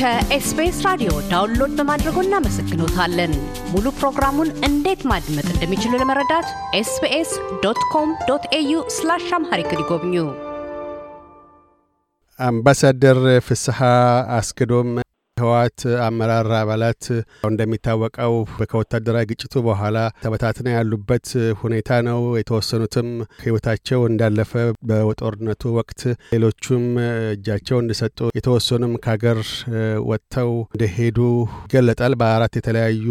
ከኤስቢኤስ ራዲዮ ዳውንሎድ በማድረጎ እናመሰግኖታለን። ሙሉ ፕሮግራሙን እንዴት ማድመጥ እንደሚችሉ ለመረዳት ኤስቢኤስ ዶት ኮም ዶት ኤዩ ስላሽ አምሃሪክ ይጎብኙ። አምባሳደር ፍስሐ አስክዶም ህወሓት አመራር አባላት እንደሚታወቀው ከወታደራዊ ግጭቱ በኋላ ተበታትነው ያሉበት ሁኔታ ነው። የተወሰኑትም ህይወታቸው እንዳለፈ በጦርነቱ ወቅት፣ ሌሎቹም እጃቸው እንደሰጡ፣ የተወሰኑም ከሀገር ወጥተው እንደሄዱ ይገለጣል። በአራት የተለያዩ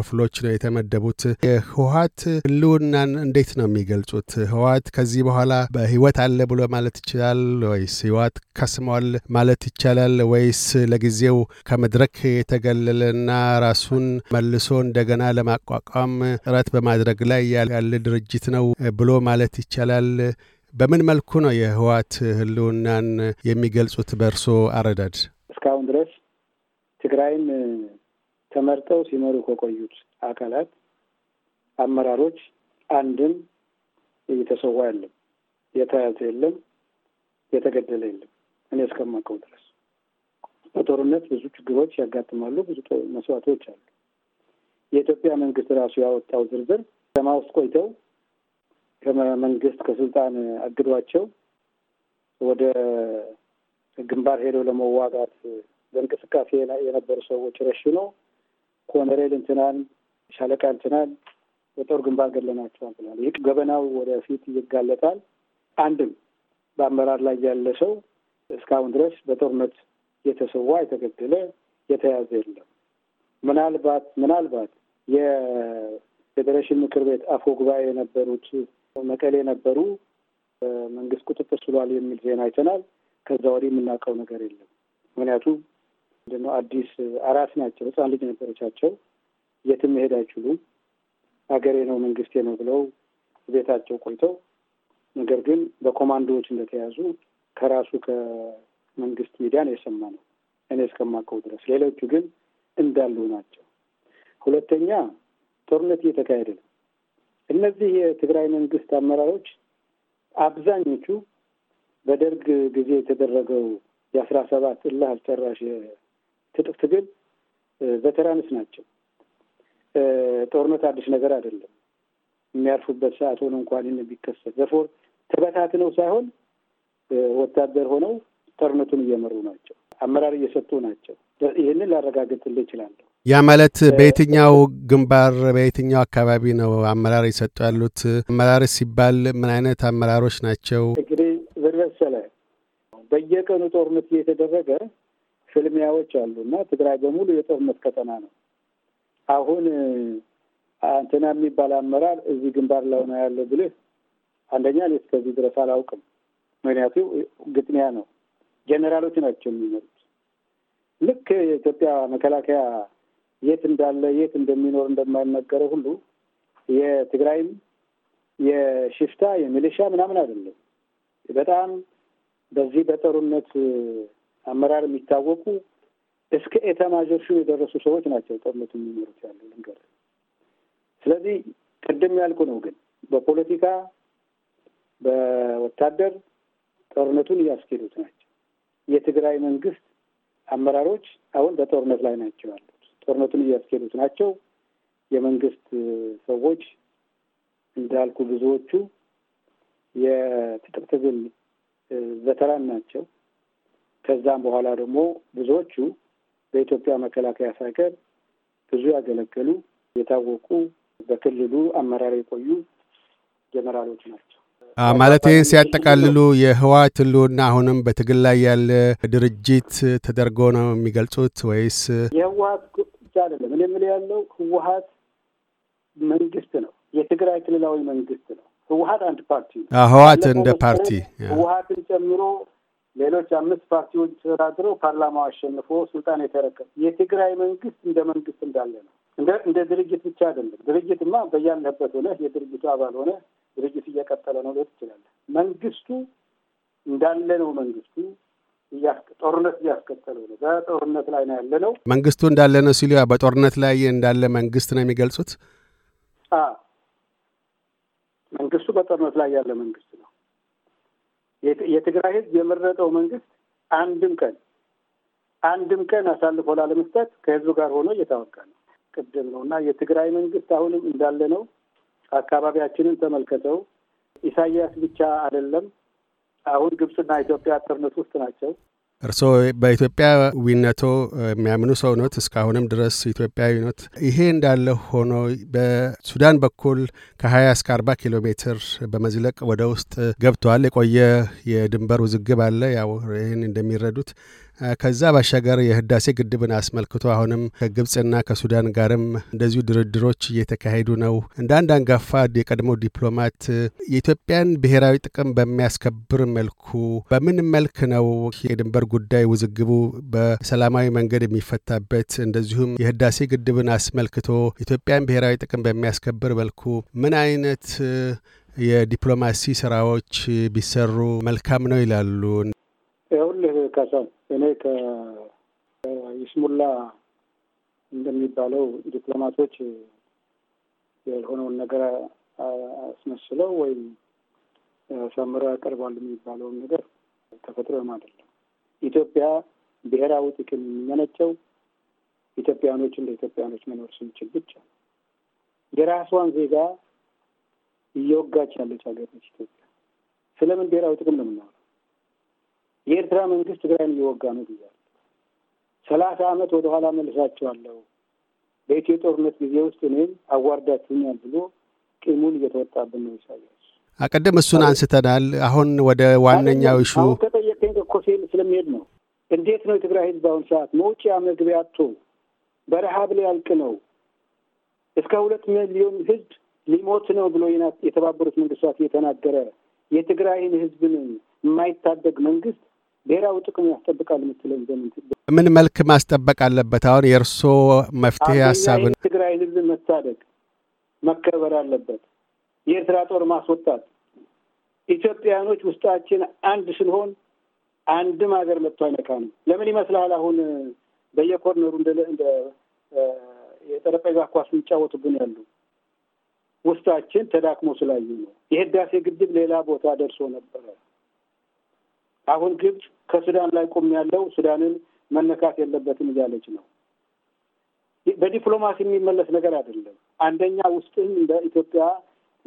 ክፍሎች ነው የተመደቡት። የህወሓት ህልውናን እንዴት ነው የሚገልጹት? ህወሓት ከዚህ በኋላ በህይወት አለ ብሎ ማለት ይችላል ወይስ ህወሓት ከስሟል ማለት ይቻላል ወይስ ለጊዜው ከመድረክ የተገለለና ራሱን መልሶ እንደገና ለማቋቋም ጥረት በማድረግ ላይ ያለ ድርጅት ነው ብሎ ማለት ይቻላል። በምን መልኩ ነው የህወሓት ህልውናን የሚገልጹት በእርሶ አረዳድ? እስካሁን ድረስ ትግራይን ተመርጠው ሲመሩ ከቆዩት አካላት አመራሮች አንድም እየተሰዋ የለም፣ የተያዘ የለም፣ የተገደለ የለም እኔ እስከማውቀው ድረስ በጦርነት ብዙ ችግሮች ያጋጥማሉ፣ ብዙ መስዋዕቶች አሉ። የኢትዮጵያ መንግስት ራሱ ያወጣው ዝርዝር ከተማ ውስጥ ቆይተው ከመንግስት ከስልጣን አግዷቸው ወደ ግንባር ሄደው ለመዋጋት በእንቅስቃሴ የነበሩ ሰዎች ረሽኖ ኮነሬል እንትናን ሻለቃ እንትናን በጦር ግንባር ገለናቸዋል ብሏል። ይህ ገበናው ወደፊት ይጋለጣል። አንድም በአመራር ላይ ያለ ሰው እስካሁን ድረስ በጦርነት የተሰዋ የተገደለ የተያዘ የለም። ምናልባት ምናልባት የፌዴሬሽን ምክር ቤት አፈ ጉባኤ የነበሩት መቀሌ የነበሩ መንግስት ቁጥጥር ስሏል የሚል ዜና አይተናል። ከዛ ወዲህ የምናውቀው ነገር የለም። ምክንያቱም ምንድነው አዲስ አራት ናቸው፣ ህፃን ልጅ ነበረቻቸው። የትም መሄድ አይችሉም። ሀገሬ ነው መንግስቴ ነው ብለው ቤታቸው ቆይተው ነገር ግን በኮማንዶዎች እንደተያዙ ከራሱ መንግስት ሚዲያ ነው የሰማ ነው እኔ እስከማውቀው ድረስ። ሌሎቹ ግን እንዳሉ ናቸው። ሁለተኛ ጦርነት እየተካሄደ ነው። እነዚህ የትግራይ መንግስት አመራሮች አብዛኞቹ በደርግ ጊዜ የተደረገው የአስራ ሰባት እልህ አስጨራሽ ትጥቅ ትግል ቬተራንስ ናቸው። ጦርነት አዲስ ነገር አይደለም። የሚያርፉበት ሰዓት ሆኖ እንኳን ይህን ቢከሰት በፎር ተበታትነው ሳይሆን ወታደር ሆነው ጦርነቱን እየመሩ ናቸው፣ አመራር እየሰጡ ናቸው። ይህንን ላረጋግጥልህ እችላለሁ። ያ ማለት በየትኛው ግንባር በየትኛው አካባቢ ነው አመራር እየሰጡ ያሉት? አመራር ሲባል ምን አይነት አመራሮች ናቸው? እንግዲህ ብንመሰለ በየቀኑ ጦርነት እየተደረገ ፍልሚያዎች አሉ እና ትግራይ በሙሉ የጦርነት ቀጠና ነው። አሁን እንትና የሚባል አመራር እዚህ ግንባር ላይ ነው ያለው ብልህ አንደኛ እኔ እስከዚህ ድረስ አላውቅም። ምክንያቱ ግጥሚያ ነው። ጀኔራሎች ናቸው የሚመሩት። ልክ የኢትዮጵያ መከላከያ የት እንዳለ የት እንደሚኖር እንደማይነገረው ሁሉ የትግራይም የሽፍታ የሚሊሻ ምናምን አይደለም። በጣም በዚህ በጦርነት አመራር የሚታወቁ እስከ ኤታማዦርሹም የደረሱ ሰዎች ናቸው ጦርነቱ የሚኖሩት ያሉ ነገር። ስለዚህ ቅድም ያልኩ ነው ግን በፖለቲካ በወታደር ጦርነቱን እያስኬዱት ናቸው። የትግራይ መንግስት አመራሮች አሁን በጦርነት ላይ ናቸው ያሉት። ጦርነቱን እያስኬዱት ናቸው። የመንግስት ሰዎች እንዳልኩ ብዙዎቹ የትጥቅ ትግል ቬተራን ናቸው። ከዛም በኋላ ደግሞ ብዙዎቹ በኢትዮጵያ መከላከያ ሳይቀር ብዙ ያገለገሉ የታወቁ በክልሉ አመራር የቆዩ ጀነራሎች ናቸው። ማለት ይህን ሲያጠቃልሉ የህወሓት ህልውና አሁንም በትግል ላይ ያለ ድርጅት ተደርጎ ነው የሚገልጹት ወይስ የህወሓት ብቻ አይደለም? እኔ የምልህ ያለው ህወሓት መንግስት ነው፣ የትግራይ ክልላዊ መንግስት ነው። ህወሓት አንድ ፓርቲ ነው። ህወሓት እንደ ፓርቲ ህወሓትን ጨምሮ ሌሎች አምስት ፓርቲዎች ተወዳድረው ፓርላማው አሸንፎ ስልጣን የተረከብ የትግራይ መንግስት እንደ መንግስት እንዳለ ነው። እንደ ድርጅት ብቻ አይደለም። ድርጅትማ በያለበት ሆነ የድርጅቱ አባል ሆነ ድርጅት እየቀጠለ ነው ለት ይችላለ። መንግስቱ እንዳለ ነው። መንግስቱ ጦርነት እያስቀጠለው ነው። በጦርነት ላይ ነው ያለ ነው። መንግስቱ እንዳለ ነው ሲሉ በጦርነት ላይ እንዳለ መንግስት ነው የሚገልጹት። መንግስቱ በጦርነት ላይ ያለ መንግስት ነው። የትግራይ ህዝብ የመረጠው መንግስት አንድም ቀን አንድም ቀን አሳልፎ ላለመስጠት ከህዝብ ጋር ሆኖ እየታወቃ ነው። ቅድም ነው እና የትግራይ መንግስት አሁንም እንዳለ ነው። አካባቢያችንን ተመልከተው ኢሳያስ ብቻ አይደለም። አሁን ግብጽና ኢትዮጵያ ጦርነት ውስጥ ናቸው። እርስዎ በኢትዮጵያዊነቶ የሚያምኑ ሰው ኖት፣ እስካሁንም ድረስ ኢትዮጵያዊ ኖት። ይሄ እንዳለ ሆኖ በሱዳን በኩል ከ20 እስከ 40 ኪሎ ሜትር በመዝለቅ ወደ ውስጥ ገብተዋል። የቆየ የድንበር ውዝግብ አለ። ያው ይህን እንደሚረዱት ከዛ ባሻገር የህዳሴ ግድብን አስመልክቶ አሁንም ከግብፅና ከሱዳን ጋርም እንደዚሁ ድርድሮች እየተካሄዱ ነው። እንደ አንድ አንጋፋ የቀድሞ ዲፕሎማት የኢትዮጵያን ብሔራዊ ጥቅም በሚያስከብር መልኩ በምን መልክ ነው የድንበር ጉዳይ ውዝግቡ በሰላማዊ መንገድ የሚፈታበት? እንደዚሁም የህዳሴ ግድብን አስመልክቶ ኢትዮጵያን ብሔራዊ ጥቅም በሚያስከብር መልኩ ምን አይነት የዲፕሎማሲ ስራዎች ቢሰሩ መልካም ነው ይላሉ? ካሳል እኔ ከይስሙላ እንደሚባለው ዲፕሎማቶች የሆነውን ነገር አስመስለው ወይም አሳምረው ያቀርባሉ የሚባለውን ነገር ተፈጥሮም አይደለም። ኢትዮጵያ ብሔራዊ ጥቅም የሚመነጨው ኢትዮጵያኖች እንደ ኢትዮጵያኖች መኖር ስንችል ብቻ የራሷን ዜጋ እየወጋች ያለች ሀገር ነች ኢትዮጵያ። ስለምን ብሔራዊ ጥቅም ነው የምናወራው? የኤርትራ መንግስት ትግራይን እየወጋ ነው ብያለሁ። ሰላሳ አመት ወደኋላ መልሳቸዋለሁ። በኢትዮ ጦርነት ጊዜ ውስጥ እኔም አዋርዳችሁኛል ብሎ ቂሙን እየተወጣብን ነው ይሳያል። አቀደም እሱን አንስተናል። አሁን ወደ ዋነኛው ሹ አሁን ከጠየቀኝ ኮሴል ስለሚሄድ ነው። እንዴት ነው የትግራይ ህዝብ አሁን ሰዓት መውጫ መግቢያ በረሃ በረሃብ ሊያልቅ ነው እስከ ሁለት ሚሊዮን ህዝብ ሊሞት ነው ብሎ የተባበሩት መንግስታት እየተናገረ የትግራይን ህዝብን የማይታደግ መንግስት ብሔራዊ ጥቅሙ ያስጠብቃል የምትለው ዘምን ምን መልክ ማስጠበቅ አለበት? አሁን የእርሶ መፍትሄ ሀሳብን ትግራይን ህዝብ መሳደግ መከበር አለበት። የኤርትራ ጦር ማስወጣት ኢትዮጵያኖች ውስጣችን አንድ ስንሆን አንድም ሀገር መጥቶ አይነካ ነው። ለምን ይመስልሃል? አሁን በየኮርነሩ እንደ እንደ የጠረጴዛ ኳስ የሚጫወቱብን ያሉ ውስጣችን ተዳክሞ ስላዩ ነው። የህዳሴ ግድብ ሌላ ቦታ ደርሶ ነበረ። አሁን ግብጽ ከሱዳን ላይ ቆም ያለው ሱዳንን መነካት የለበትም እያለች ነው። በዲፕሎማሲ የሚመለስ ነገር አይደለም። አንደኛ ውስጥም እንደ ኢትዮጵያ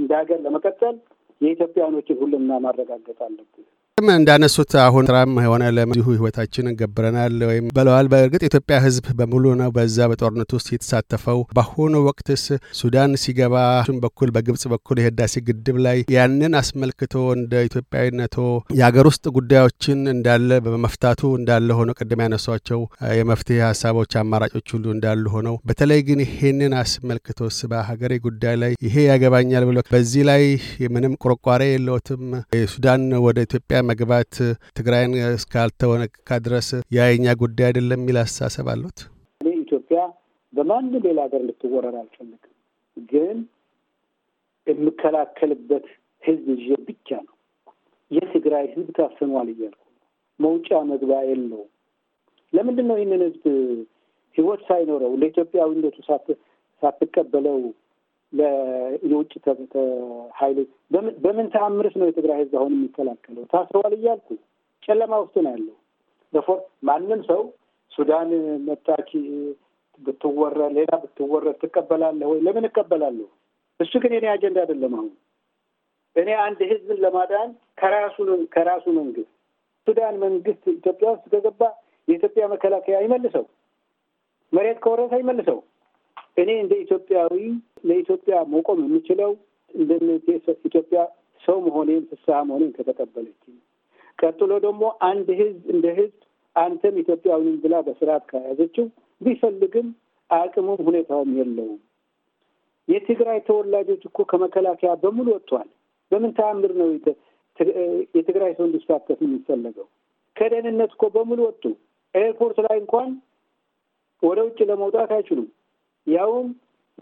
እንደ ሀገር ለመቀጠል የኢትዮጵያኖችን ሁሉና ማረጋገጥ አለብን። ቅድም እንዳነሱት አሁን ስራም የሆነ ለዚሁ ህይወታችንን ገብረናል ወይም ብለዋል። በእርግጥ የኢትዮጵያ ህዝብ በሙሉ ነው በዛ በጦርነት ውስጥ የተሳተፈው። በአሁኑ ወቅትስ ሱዳን ሲገባ ሱም በኩል በግብጽ በኩል የህዳሴ ግድብ ላይ ያንን አስመልክቶ እንደ ኢትዮጵያዊነቶ የሀገር ውስጥ ጉዳዮችን እንዳለ በመፍታቱ እንዳለ ሆነው ቅድም ያነሷቸው የመፍትሄ ሀሳቦች አማራጮች ሁሉ እንዳሉ ሆነው በተለይ ግን ይሄንን አስመልክቶስ በሀገሬ ጉዳይ ላይ ይሄ ያገባኛል ብሎ በዚህ ላይ ምንም ቁርቋሬ የለውትም የሱዳን ወደ ኢትዮጵያ መግባት ትግራይን እስካልተወነካ ድረስ የአይኛ ጉዳይ አይደለም የሚል አስተሳሰብ አሉት። እኔ ኢትዮጵያ በማንም ሌላ ሀገር ልትወረር አልፈልግም፣ ግን የምከላከልበት ህዝብ ይዤ ብቻ ነው። የትግራይ ህዝብ ታፍኗል እያልኩ መውጫ መግቢያ የለውም። ለምንድን ነው ይህንን ህዝብ ህይወት ሳይኖረው ለኢትዮጵያዊነቱ ሳትቀበለው የውጭ ኃይሎች በምን ተአምርስ ነው የትግራይ ህዝብ አሁን የሚከላከለው? ታስረዋል እያልኩ ጨለማ ውስጥ ነው ያለው። በፎር ማንም ሰው ሱዳን መታኪ ብትወረር ሌላ ብትወረር ትቀበላለህ ወይ? ለምን እቀበላለሁ? እሱ ግን የኔ አጀንዳ አይደለም። አሁን እኔ አንድ ህዝብን ለማዳን ከራሱ ከራሱ መንግስት ሱዳን መንግስት ኢትዮጵያ ውስጥ ከገባ የኢትዮጵያ መከላከያ ይመልሰው፣ መሬት ከወረሰ ይመልሰው። እኔ እንደ ኢትዮጵያዊ ለኢትዮጵያ መቆም የምችለው እንደ ኢትዮጵያ ሰው መሆኔን ፍስሀ መሆኔን ከተቀበለች፣ ቀጥሎ ደግሞ አንድ ህዝብ እንደ ህዝብ አንተም ኢትዮጵያዊንም ብላ በስርዓት ከያዘችው ቢፈልግም አቅሙም ሁኔታውም የለውም። የትግራይ ተወላጆች እኮ ከመከላከያ በሙሉ ወጥቷል። በምን ተአምር ነው የትግራይ ሰው እንዲሳተፍ የሚፈለገው? ከደህንነት እኮ በሙሉ ወጡ። ኤርፖርት ላይ እንኳን ወደ ውጭ ለመውጣት አይችሉም። ያውም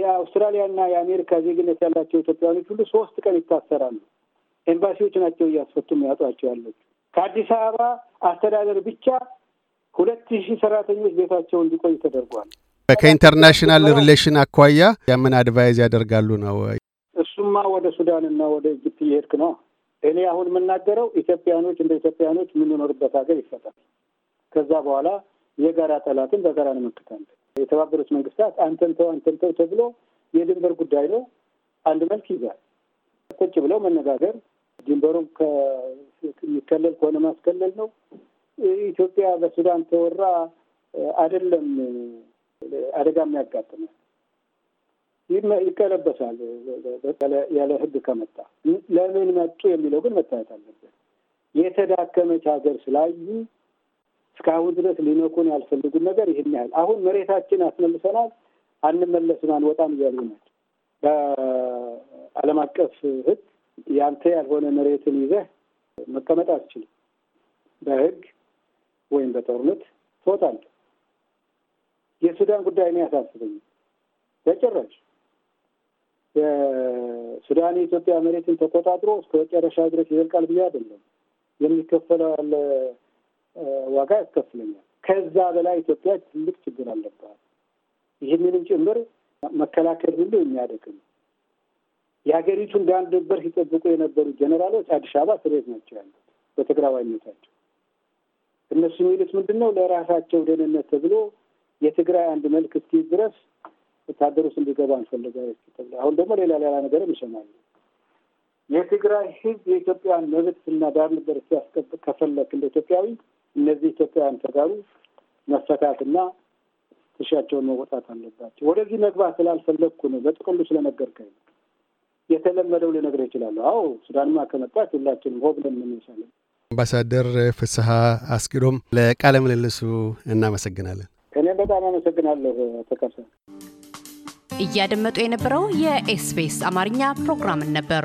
የአውስትራሊያና የአሜሪካ ዜግነት ያላቸው ኢትዮጵያውያኖች ሁሉ ሶስት ቀን ይታሰራሉ። ኤምባሲዎች ናቸው እያስፈቱ ያጧቸው ያለች። ከአዲስ አበባ አስተዳደር ብቻ ሁለት ሺህ ሰራተኞች ቤታቸው እንዲቆይ ተደርጓል። ከኢንተርናሽናል ሪሌሽን አኳያ ያምን አድቫይዝ ያደርጋሉ ነው። እሱማ ወደ ሱዳንና ወደ ኢጅፕት እየሄድክ ነው። እኔ አሁን የምናገረው ኢትዮጵያኖች እንደ ኢትዮጵያኖች የምንኖርበት ሀገር ይፈጣል። ከዛ በኋላ የጋራ ጠላትን በጋራ እንመክታለን። የተባበሩት መንግስታት አንተንተው አንተንተው ተብሎ የድንበር ጉዳይ ነው። አንድ መልክ ይዛል። ቁጭ ብለው መነጋገር ድንበሩ የሚከለል ከሆነ ማስከለል ነው። ኢትዮጵያ በሱዳን ተወራ አይደለም አደጋ የሚያጋጥመው ይቀለበሳል ያለ ህግ ከመጣ ለምን መጡ የሚለው ግን መታየት አለበት። የተዳከመች ሀገር ስላዩ እስካሁን ድረስ ሊነኩን ያልፈልጉን ነገር ይህን ያህል አሁን መሬታችን አስመልሰናል፣ አንመለስም፣ አንወጣም እያሉ ነው። በዓለም አቀፍ ሕግ ያንተ ያልሆነ መሬትን ይዘህ መቀመጥ አትችልም። በሕግ ወይም በጦርነት ትወጣለህ። የሱዳን ጉዳይ ነው ያሳስበኝ በጭራሽ የሱዳን የኢትዮጵያ መሬትን ተቆጣጥሮ እስከ መጨረሻ ድረስ ይዘልቃል ብዬ አይደለም የሚከፈለው ዋጋ ያስከፍለኛል። ከዛ በላይ ኢትዮጵያ ትልቅ ችግር አለባት። ይህንንም ጭምር መከላከል ሁሉ የሚያደክም የሀገሪቱ ድንበር ሲጠብቁ የነበሩ ጀኔራሎች አዲስ አበባ እስር ቤት ናቸው ያሉት በትግራዋይነታቸው። እነሱ የሚሉት ምንድን ነው? ለራሳቸው ደህንነት ተብሎ የትግራይ አንድ መልክ እስኪ ድረስ ወታደሮች እንዲገባ እንፈልጋለን ተብሎ አሁን ደግሞ ሌላ ሌላ ነገርም ይሰማሉ። የትግራይ ህዝብ የኢትዮጵያን መብትና ዳር ድንበር ሲያስከብር ከፈለክ እንደ ኢትዮጵያዊ እነዚህ ኢትዮጵያውያን ተጋሩ መፈታትና ትሻቸውን መወጣት አለባቸው። ወደዚህ መግባት ስላልፈለግኩ ነው። በጥቅሉ ስለነገርከኝ የተለመደው ልነግርህ ይችላሉ። አዎ ሱዳንማ ከመጣች ሁላችንም ሆ ብለን እንነሳለን። አምባሳደር ፍስሀ አስቂዶም ለቃለ ምልልሱ እናመሰግናለን። እኔም በጣም አመሰግናለሁ። ተከሰ እያደመጡ የነበረው የኤስቢኤስ አማርኛ ፕሮግራምን ነበር።